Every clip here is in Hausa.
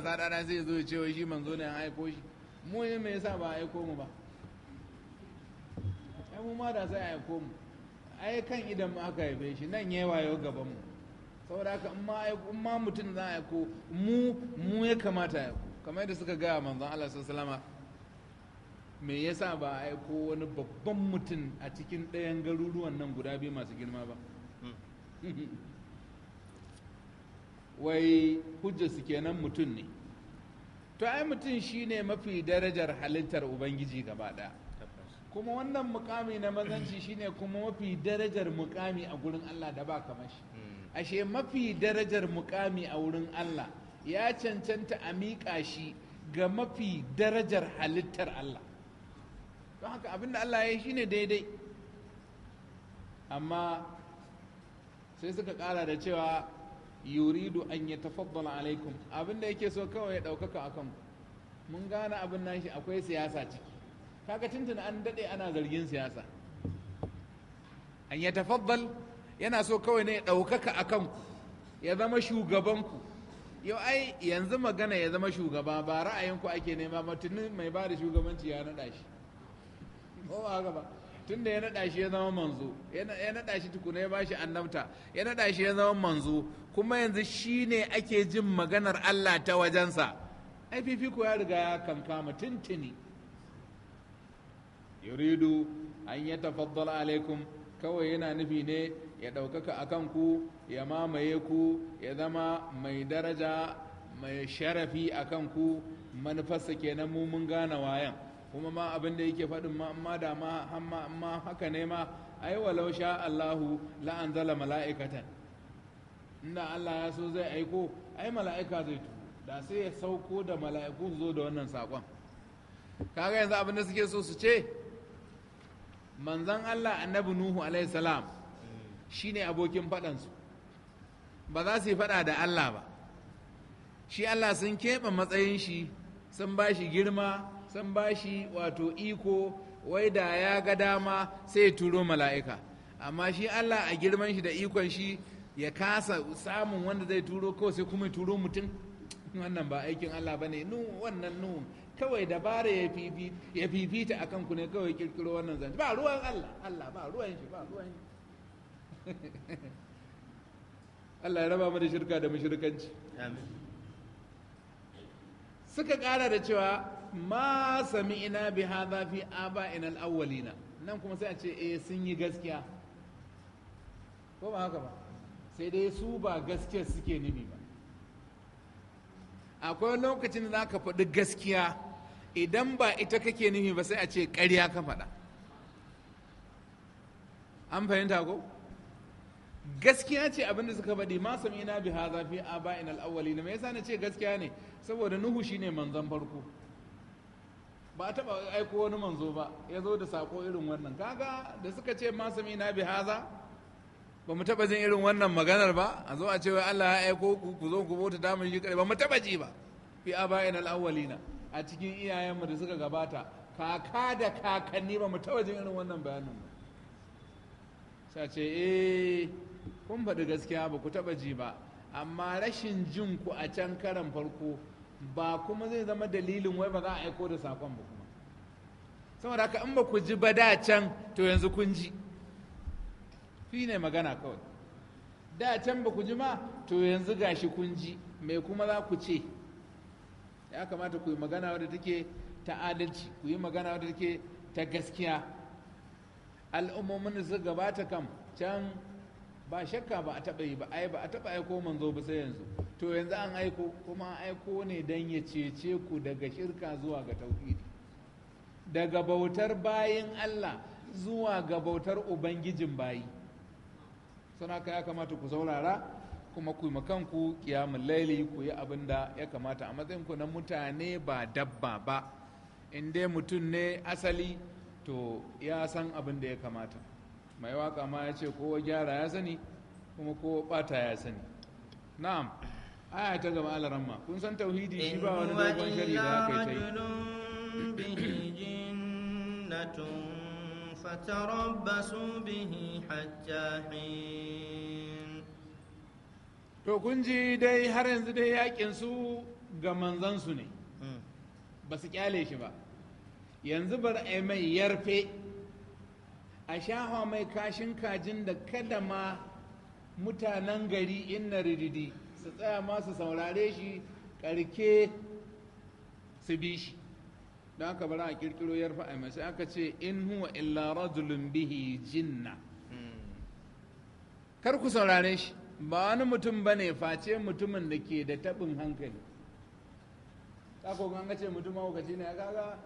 matasa dana sai zo ya ce wai shi manzo ne an aiko shi mu yi me yasa ba aiko mu ba ai mu ma da sai aiko mu ai kan idan mu aka haife shi nan yayi wayo gaban mu saboda haka in ma in ma mutum za a aiko mu mu ya kamata ya aiko kamar yadda suka gaya manzon Allah sallallahu alaihi me yasa ba a aiko wani babban mutum a cikin ɗayan garuruwan nan guda biyu masu girma ba hmm. wai hujjarsu kenan mutum ne to ai mutum shine mafi darajar halittar ubangiji gaba ɗaya kuma wannan mukami na mazanci shine kuma mafi darajar mukami a gurin Allah da ba kamar shi hmm. ashe mafi darajar mukami a wurin Allah ya cancanta a miƙa shi ga mafi darajar halittar Allah don haka abinda Allah ya yi shine daidai amma sai suka ƙara da cewa yuridu an yi tafaddal alaikum abin da yake so kawai ya ɗaukaka a kan mun gane abin nashi akwai siyasa ciki kaga tuntun an daɗe ana zargin siyasa an yi tafaddal yana so kawai ne ya ɗaukaka a kan ya zama shugabanku yau ai yanzu magana ya zama shugaba ba ra'ayinku ake nema ba tuni mai ba da shugabanci ya naɗa shi tun da ya naɗa shi ya zama manzo ya naɗa shi tukuna ya ba shi annabta ya naɗa shi ya zama manzo kuma yanzu shi ne ake jin maganar Allah ta wajensa ai fifiko ya riga ya kankama tuntuni yuridu an yi tafaddal alaikum kawai yana nufi ne ya ɗaukaka a kanku ya mamaye ku ya zama mai daraja mai sharafi a kanku manufarsa kenan mu mun gane wayan kuma ma abin da yake faɗin ma amma da ma amma amma haka ne ma ai walau sha Allahu la anzala mala'ikatan inda Allah ya so zai aiko ai mala'ika zai tu da sai ya sauko da mala'iku zo da wannan sakon kaga yanzu abin da suke so su ce manzon Allah annabi Nuhu alaihi salam shine abokin faɗansu ba za su yi faɗa da Allah ba shi Allah sun keɓe matsayin shi sun ba shi girma san bashi wato iko wai da ya ga dama sai turo mala'ika amma shi allah a girman shi da ikon shi ya kasa samun wanda zai turo kawai sai kuma turo mutum wannan ba aikin allah ba ne wannan nu kawai dabara ya fifita a kanku ne kawai kirkiro wannan zanci ba ruwan allah allah ba ruwan shi ba ruwan shi allah ya raba mu da shirka da mushrikanci suka kara da cewa ma sami ina bi hadha fi aba'ina al-awwalina nan kuma sai a ce eh sun yi gaskiya ko ba haka ba sai dai su ba gaskiya suke nufi ba akwai lokacin da za ka faɗi gaskiya idan ba ita kake nufi ba sai a ce ƙarya ka faɗa an fahimta ko gaskiya ce abin da suka faɗi ma sami ina bi haza fi aba'in al-awwalin me yasa na ce gaskiya ne saboda nuhu shine manzon farko ba a taba aiko wani manzo ba ya zo da sako irin wannan kaga da suka ce ma sami na bi haza ba mu taba jin irin wannan maganar ba a zo a ce wai Allah ya aiko ku ku zo ku bota damar yi kare ba mu taba ji ba fi a bayan al'awalina a cikin iyayenmu da suka gabata kaka da kakanni ba mu taba jin irin wannan bayanin ba sa ce eh kun faɗi gaskiya ba ku taba ji ba amma rashin jin ku a can karan farko ba kuma zai zama dalilin wai ba za a aiko da sakon ba kuma saboda haka in ba ku ji ba da can to yanzu kun ji fi ne magana kawai da can ba ku ji ma to yanzu gashi kun ji mai kuma za ku ce ya kamata ku yi magana wadda take ta adalci ku yi magana wadda take ta gaskiya al'ummomin da suka gabata kam can ba shakka ba a taɓa yi ba ai ba a taɓa aiko manzo ba sai yanzu to yanzu an aiko kuma an aiko ne don ya cece ku daga shirka zuwa ga tauhidi daga bautar bayan Allah zuwa ga bautar ubangijin bayi suna ka ya kamata ku saurara kuma ku yi kanku kiyamun laili ku yi abin da ya kamata a matsayin ku na mutane ba dabba ba in dai mutum ne asali to ya san abin da ya kamata mai waka ma ya ce kowa gyara ya sani kuma kowa bata ya sani na'am aya ta gaba alaramma kun san tauhidi shi ba wani dogon shari da aka yi فتربصوا به حتى حين to kun ji dai har yanzu dai yakin su ga manzansu ne hmm. ba su kyale shi ba yanzu bar a mai yarfe a shaho mai kashin kajin da kada ma mutanen gari inna rididi su tsaya ma su saurare shi karke su bi shi don haka bari a kirkiro yarfa a sai aka ce in huwa illa rajulun bihi jinna kar ku saurare shi ba wani mutum ba ne face mutumin da ke da taɓin hankali ka ko an ce mutum mahaukaci ne ya kaga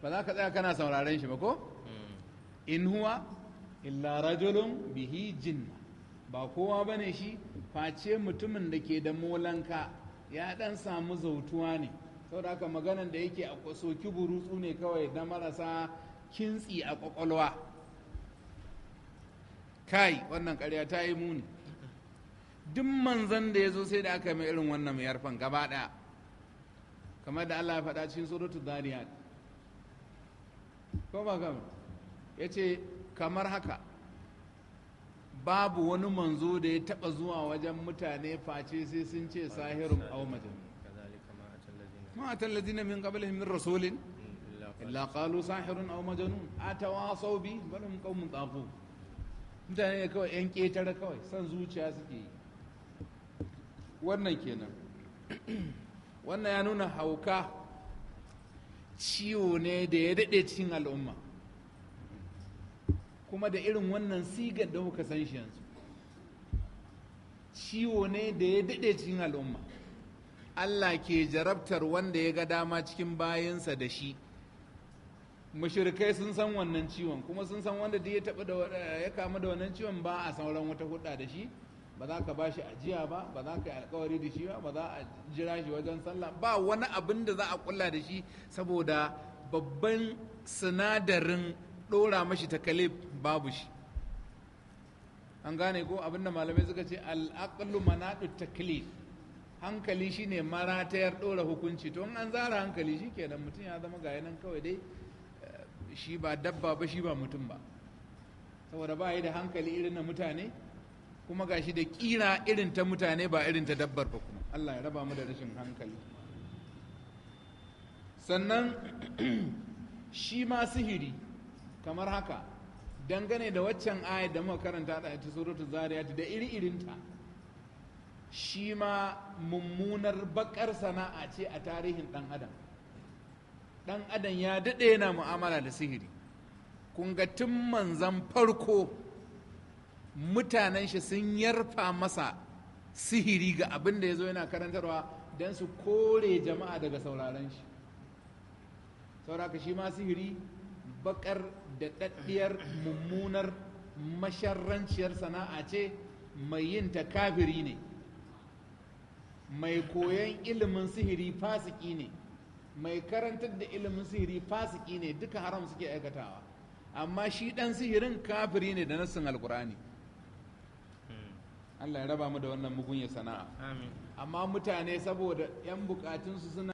ba za ka tsaya kana sauraren shi ba ko hmm. in huwa illa rajulun bihi jinna ba kowa ba ne shi face mutumin da ke da molanka ya dan samu zautuwa ne saboda haka maganan da yake a soki burutsu ne kawai na marasa kintsi a kwakwalwa. kai wannan karya ta yi muni duk manzan da ya zo sai da aka mai irin wannan mai yarfan gaba ɗaya kamar da allah ya faɗa cikin suratu zariya ko ba ya ce kamar haka babu wani manzo da ya taba zuwa wajen mutane face sai sun ce sahirun aw majnun ma atal min kabila, min rasulin illa qalu sahirun aw majnun atawasaw bi bal hum qaumun mutane ne kawai yan ketare kawai san zuciya suke yi wannan kenan wannan ya nuna hauka ciwo ne da ya daɗe cikin al'umma kuma da irin wannan sigar da muka san shi yanzu ciwo ne da ya daɗe cikin al'umma Allah ke jarabtar wanda ya ga dama cikin bayansa da shi mashirkai sun san wannan ciwon kuma sun san wanda ya taɓa da ya kamu da wannan ciwon ba a sauran wata hudda da shi ba za ka ba shi ajiya ba ba za ka yi alkawari da shi ba ba za a jira shi wajen sallah ba wani abin da za a kula da shi saboda babban sinadarin ɗora mashi takalif babu shi an gane ko abinda malamai suka ce al'aqlu manadu taklif hankali shine maratayar ɗora hukunci to an zara hankali shi kenan mutum ya zama gaya nan kawai dai eh, shi ba dabba ba shi ba mutum ba saboda ba yi da hankali irin na mutane kuma gashi da kira irin ta mutane ba irin ta dabbar ba kuma Allah ya raba mu da rashin hankali sannan shi ma sihiri kamar haka dangane da waccan ayat da muka karanta da ta suratul zariyat da iri irinta shi ma mummunar bakar sana'a ce a tarihin dan adam dan adam ya daɗe yana mu'amala da sihiri kun ga tun manzan farko mutanen shi sun yarfa masa sihiri ga abin da ya zo yana karantarwa don su kore jama'a daga sauraron shi sauraka shi ma sihiri bakar da ɗaɗɗiyar mummunar masharranciyar sana'a ce mai yin ta kafiri ne mai koyon ilimin sihiri fasiki ne mai karantar da ilimin sihiri fasiki ne duka haram suke aikatawa amma shi ɗan sihirin kafiri ne da nassin alkurani hmm. Allah ya raba mu da wannan mugunya sana'a amma mutane saboda 'yan bukatunsu suna